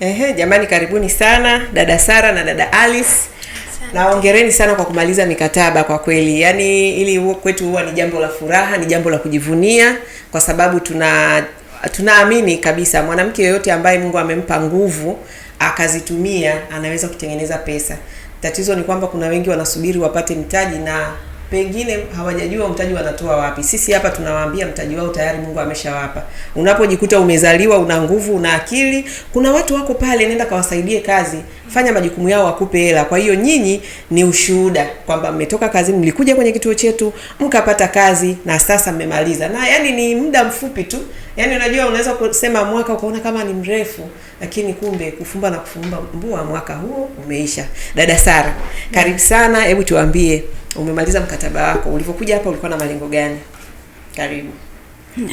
Ehe, jamani karibuni sana dada Sara na dada Alice naongereni sana kwa kumaliza mikataba. Kwa kweli, yaani ili kwetu huwa ni jambo la furaha, ni jambo la kujivunia, kwa sababu tuna tunaamini kabisa mwanamke yoyote ambaye Mungu amempa nguvu akazitumia anaweza kutengeneza pesa. Tatizo ni kwamba kuna wengi wanasubiri wapate mtaji na pengine hawajajua mtaji wanatoa wapi. Sisi hapa tunawaambia mtaji wao tayari Mungu ameshawapa. Unapojikuta umezaliwa una nguvu, una akili, kuna watu wako pale, nenda kawasaidie kazi, fanya majukumu yao, wakupe hela. Kwa hiyo nyinyi ni ushuhuda kwamba mmetoka kazi, mlikuja kwenye kituo chetu mkapata kazi na sasa mmemaliza, na yani ni muda mfupi tu Yaani unajua unaweza kusema mwaka ukaona kama ni mrefu, lakini kumbe kufumba na kufumba mbua mwaka huo umeisha. Dada Sara, karibu sana. Hebu tuambie umemaliza mkataba wako, ulivyokuja hapa ulikuwa na malengo gani? Karibu.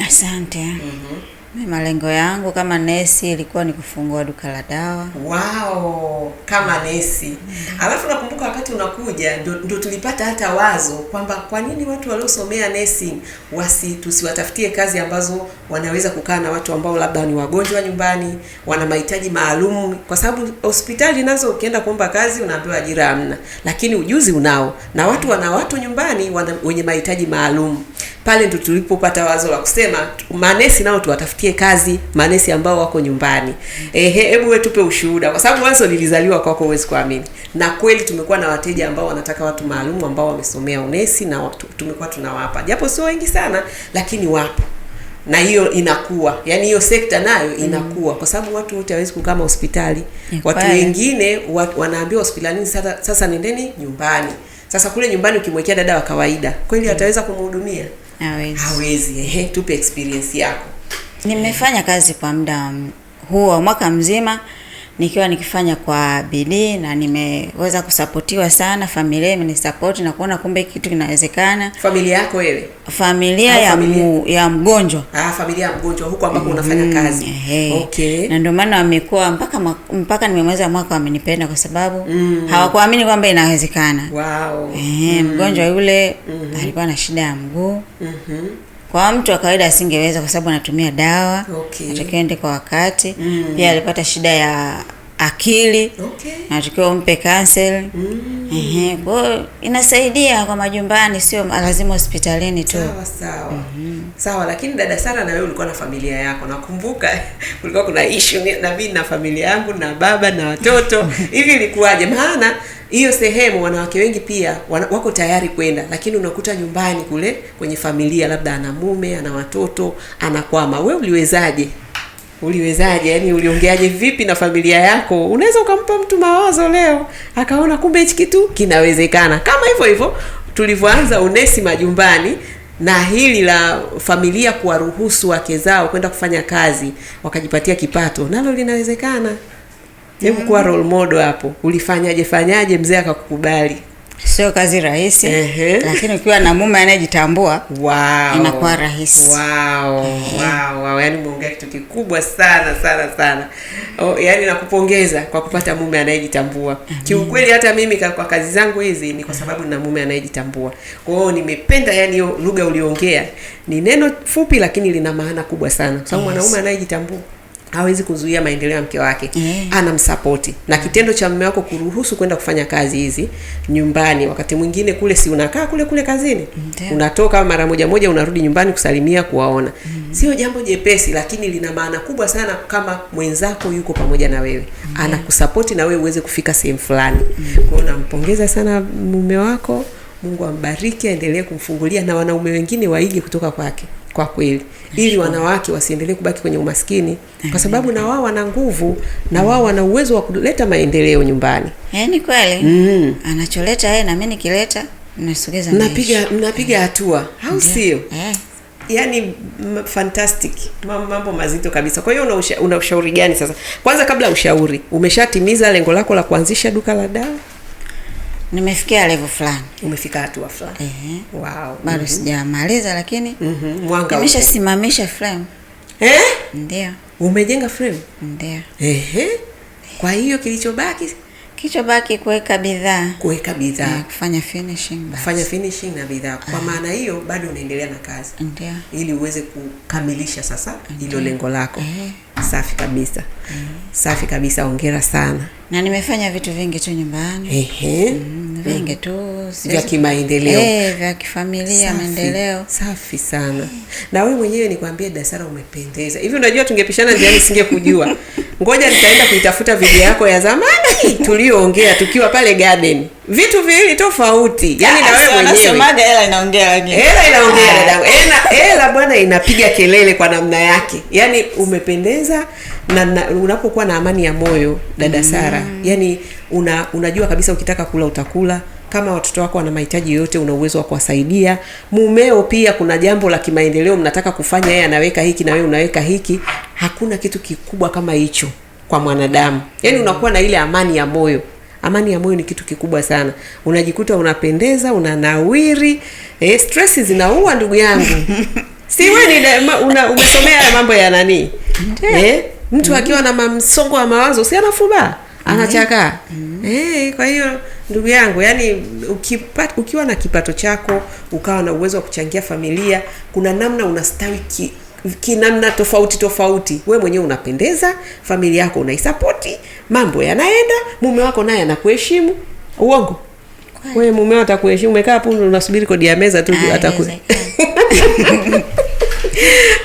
Asante. Mm -hmm. Malengo yangu kama nesi ilikuwa ni kufungua duka la dawa. Wow, kama nesi. Mm. Alafu nakumbuka wakati unakuja ndo tulipata hata wazo kwamba kwa nini watu waliosomea nursing wasi tusiwatafutie kazi ambazo wanaweza kukaa na watu ambao labda ni wagonjwa nyumbani, wana mahitaji maalum, kwa sababu hospitali nazo ukienda kuomba kazi unaambiwa ajira hamna, lakini ujuzi unao, na watu wana watu nyumbani wana wenye mahitaji maalum. Pale ndo tulipopata wazo la kusema manesi nao tuwatafutie tuwafanyie kazi manesi ambao wako nyumbani. Ehe, hebu wewe tupe ushuhuda, kwa sababu wazo nilizaliwa kwako, huwezi kuamini. Na kweli tumekuwa na wateja ambao wanataka watu maalum ambao wamesomea unesi na watu, tumekuwa tunawapa, japo sio wengi sana, lakini wapo na hiyo inakuwa yaani hiyo sekta nayo mm. inakuwa kwa sababu watu wote hawezi kukama hospitali. Watu wengine wat, wanaambiwa hospitalini sasa, sasa nendeni nyumbani. Sasa kule nyumbani ukimwekea dada wa kawaida kweli mm, ataweza kumhudumia? Hawezi. Hawezi. Ehe, tupe experience yako. Nimefanya kazi kwa muda huo wa mwaka mzima nikiwa nikifanya kwa bidii na nimeweza kusapotiwa sana. Familia imenisapoti na kuona kumbe kitu kinawezekana. Familia yako wewe? Familia ah, ya familia? Mu, ya mgonjwa. Ah, familia ya mgonjwa huko ambapo unafanya mm-hmm, kazi. Mm, hey. Okay. Na ndio maana wamekuwa mpaka mpaka nimemaliza mwaka wamenipenda kwa sababu mm. hawakuamini kwamba inawezekana. Wow. Eh, hey, mm. mgonjwa yule mm -hmm. alikuwa na shida ya mguu. Mhm. Mm kwa mtu wa kawaida asingeweza kwa sababu anatumia dawa okay. Natakiwa ende kwa wakati mm. Pia alipata shida ya akili okay. Natakiwa umpe kansel mm. Ehe, inasaidia kwa majumbani, sio lazima hospitalini tu. Sawa sawa. Mm -hmm. Sawa, lakini dada sana na wewe ulikuwa na familia yako, nakumbuka kulikuwa kuna issue na mimi na familia yangu na baba na watoto hivi ilikuwaje? Maana hiyo sehemu wanawake wengi pia wana, wako tayari kwenda, lakini unakuta nyumbani kule kwenye familia, labda ana mume ana watoto anakwama. We uliwezaje? Uliwezaje? Yani uliongeaje vipi na familia yako? Unaweza ukampa mtu mawazo leo akaona kumbe hichi kitu kinawezekana, kama hivyo hivyo tulivyoanza unesi majumbani na hili la familia kuwaruhusu wake zao kwenda kufanya kazi wakajipatia kipato, nalo linawezekana. Hebu kuwa role model hapo, ulifanyaje fanyaje mzee akakukubali? Sio kazi rahisi. uh-huh. Lakini ukiwa na mume anayejitambua wow, inakuwa rahisi. Wow, wow, wow. Yaani umeongea kitu kikubwa sana sana sana. Oh, yaani nakupongeza kwa kupata mume anayejitambua. Kiukweli hata mimi kwa kazi zangu hizi ni kwa sababu nina mume anayejitambua. Kwa hiyo nimependa, yaani hiyo lugha uliongea ni neno fupi, lakini lina maana kubwa sana. Kwa sababu yes, mwanaume anayejitambua hawezi kuzuia maendeleo ya mke wake yeah. Anamsapoti na kitendo cha mme wako kuruhusu kwenda kufanya kazi hizi nyumbani. Wakati mwingine kule, si unakaa kule kule kazini yeah. Unatoka mara moja moja, unarudi nyumbani kusalimia, kuwaona mm -hmm. Sio jambo jepesi, lakini lina maana kubwa sana kama mwenzako yuko pamoja na wewe yeah. Anakusapoti na wewe uweze kufika sehemu fulani mm -hmm. Kwao nampongeza sana mume wako, Mungu ambariki, aendelee kumfungulia na wanaume wengine waige kutoka kwake kwa kweli, ili wanawake wasiendelee kubaki kwenye umaskini, kwa sababu na wao wana nguvu na wao wana uwezo wa kuleta maendeleo nyumbani. Yaani kweli mm. anacholeta yeye na mimi nikileta nasogeza, napiga napiga eh. hatua, au sio? Eh. Yaani fantastic, mambo mazito kabisa. Kwa hiyo una, usha, una ushauri gani sasa? Kwanza kabla ushauri, umeshatimiza lengo lako la kuanzisha duka la dawa? nimefikia level fulani. Umefika hatua fulani. Eh. Wow. Bado mhm. sijamaliza lakini mm -hmm. mwanga nimeshasimamisha frame. Eh? Ndio. Umejenga frame? Ndio. Ehe. Kwa hiyo kilichobaki kilichobaki kuweka bidhaa, kuweka bidhaa, eh, kufanya finishing basi, kufanya finishing na bidhaa. Kwa ah. maana hiyo bado unaendelea na kazi, ndio, ili uweze kukamilisha sasa hilo lengo lako. Eh. Safi kabisa, eh. safi kabisa, hongera sana. Na nimefanya vitu vingi tu nyumbani. Ehe. Mm. bang at all. vya kimaendeleo e, vya kifamilia maendeleo. Safi sana e. Na wewe mwenyewe nikwambie, Dasara umependeza hivi. Unajua tungepishana njiani singekujua. Ngoja nitaenda kuitafuta video yako ya zamani tuliyoongea tukiwa pale garden, vitu viwili tofauti yani. Na wewe mwenyewe hela inaongea, hela inaongea dadangu, hela bwana inapiga kelele kwa namna yake yani. Umependeza na, na unapokuwa na amani ya moyo dada Sara mm. Yani una, unajua kabisa ukitaka kula utakula kama watoto wako wana mahitaji yoyote, una uwezo wa kuwasaidia. Mumeo pia kuna jambo la kimaendeleo mnataka kufanya, yeye anaweka hiki na wewe unaweka hiki. Hakuna kitu kikubwa kama hicho kwa mwanadamu, yaani unakuwa na ile amani ya moyo. Amani ya moyo ni kitu kikubwa sana, unajikuta unapendeza, unanawiri. Eh, stress zinaua ndugu yangu si wewe ni una, umesomea mambo ya nani eh, mtu akiwa na msongo wa mawazo si anafubaa anachaka mm -hmm. Eh, hey, kwa hiyo ndugu yangu, yani ukipat, ukiwa na kipato chako ukawa na uwezo wa kuchangia familia, kuna namna unastawi ki, kinamna tofauti tofauti. We mwenyewe unapendeza, familia yako unaisapoti, mambo yanaenda, mume wako naye anakuheshimu. Uongo wewe, mumeo atakuheshimu. Umekaa hapo unasubiri kodi ya meza tu ah, ataku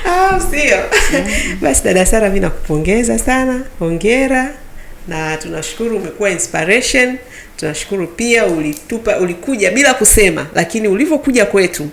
ah, sio? Mm. Basi dada Sara, mi nakupongeza sana, hongera na tunashukuru umekuwa inspiration. Tunashukuru pia ulitupa, ulikuja bila kusema, lakini ulivyokuja kwetu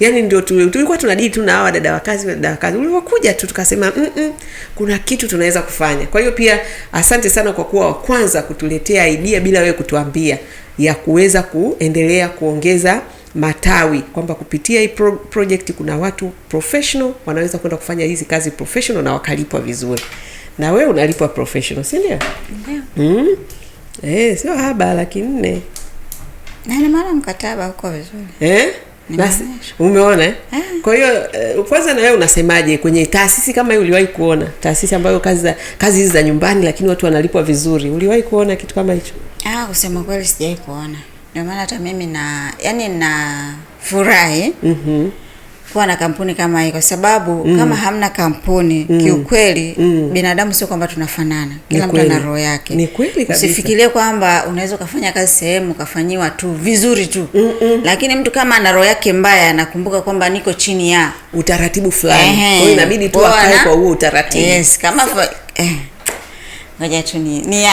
yani ndio tulikuwa tunadili tu na hawa dada wa kazi dada wa kazi, ulivyokuja tu tukasema mm -mm, kuna kitu tunaweza kufanya. Kwa hiyo pia asante sana kwa kuwa wa kwanza kutuletea idea bila wewe kutuambia, ya kuweza kuendelea kuongeza matawi kwamba kupitia hii pro project kuna watu professional wanaweza kwenda kufanya hizi kazi professional na wakalipwa vizuri na we unalipwa professional, si ndio? Mm. Eh, sio haba laki nne na mara mkataba uko vizuri eh? Umeona eh? eh? Kwa hiyo uh, kwanza na wewe unasemaje kwenye taasisi kama hiyo? Uliwahi kuona taasisi ambayo kazi za kazi hizi za nyumbani, lakini watu wanalipwa vizuri? Uliwahi kuona kitu kama hicho? Ah, kusema kweli sijawahi kuona, ndio maana hata mimi na yani na furahi mm -hmm kuwa na kampuni kama hii kwa sababu mm. kama hamna kampuni mm. kiukweli mm. binadamu sio kwamba tunafanana, kila mtu ana roho yake. Ni kweli kabisa. Usifikirie kwamba unaweza ukafanya kazi sehemu ukafanyiwa tu vizuri tu mm -mm. Lakini mtu kama ana roho yake mbaya anakumbuka kwamba niko chini ya utaratibu fulani, kwa hiyo inabidi tu akae kwa huo utaratibu. Yes, kama so, eh ni eh,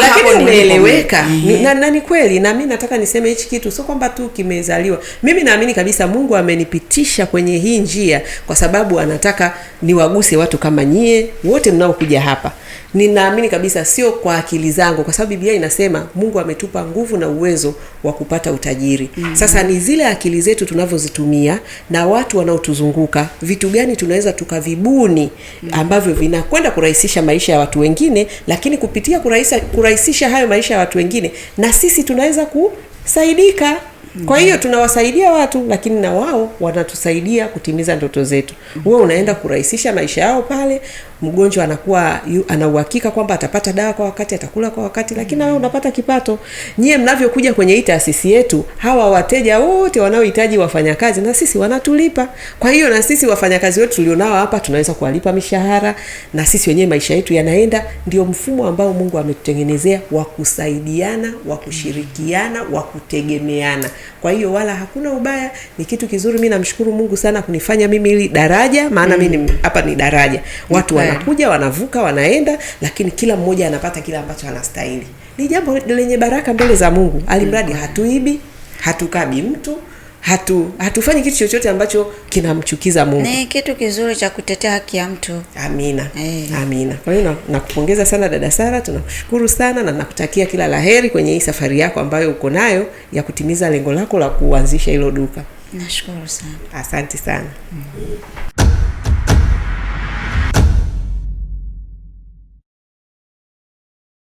lakini umeeleweka mhm. na, na ni kweli na mimi nataka niseme hichi kitu sio kwamba tu kimezaliwa mimi naamini kabisa Mungu amenipitisha kwenye hii njia kwa sababu anataka niwaguse watu kama nyie wote mnaokuja hapa ninaamini kabisa, sio kwa akili zangu, kwa sababu Biblia inasema Mungu ametupa nguvu na uwezo wa kupata utajiri mm -hmm. Sasa ni zile akili zetu tunavyozitumia na watu wanaotuzunguka, vitu gani tunaweza tukavibuni mhm. ambavyo vinakwenda kurahisisha maisha ya watu wengine, lakini kupitia kurahisisha, kurahisisha hayo maisha ya watu wengine na sisi tunaweza kusaidika. Mhm. Kwa hiyo tunawasaidia watu lakini na wao wanatusaidia kutimiza ndoto zetu. Mhm. Wewe unaenda kurahisisha maisha yao pale, mgonjwa anakuwa ana uhakika kwamba atapata dawa kwa wakati, atakula kwa wakati, lakini mm. unapata kipato. Nyie mnavyokuja kwenye hii taasisi yetu, hawa wateja wote wanaohitaji wafanyakazi na sisi wanatulipa. Kwa hiyo na sisi wafanyakazi wetu tulionao hapa tunaweza kuwalipa mishahara, na sisi wenyewe maisha yetu yanaenda. Ndio mfumo ambao Mungu ametutengenezea wa kusaidiana, wa kushirikiana, wa kutegemeana. Kwa hiyo wala hakuna ubaya, ni kitu kizuri. Mi namshukuru Mungu sana kunifanya mimi ili daraja, maana mm. mi hapa ni daraja, watu okay. wanakuja wanavuka, wanaenda, lakini kila mmoja anapata kile ambacho anastahili. Ni jambo lenye baraka mbele za Mungu, alimradi mm. hatuibi, hatukabi mtu hatu hatufanyi kitu chochote ambacho kinamchukiza Mungu. Ni kitu kizuri cha kutetea haki ya mtu. Amina. Hey. Eh. Amina. Kwa hiyo nakupongeza sana dada Sara, tunakushukuru sana na nakutakia kila laheri kwenye hii safari yako ambayo uko nayo ya kutimiza lengo lako la kuanzisha hilo duka. Nashukuru sana. Asante sana. Mm.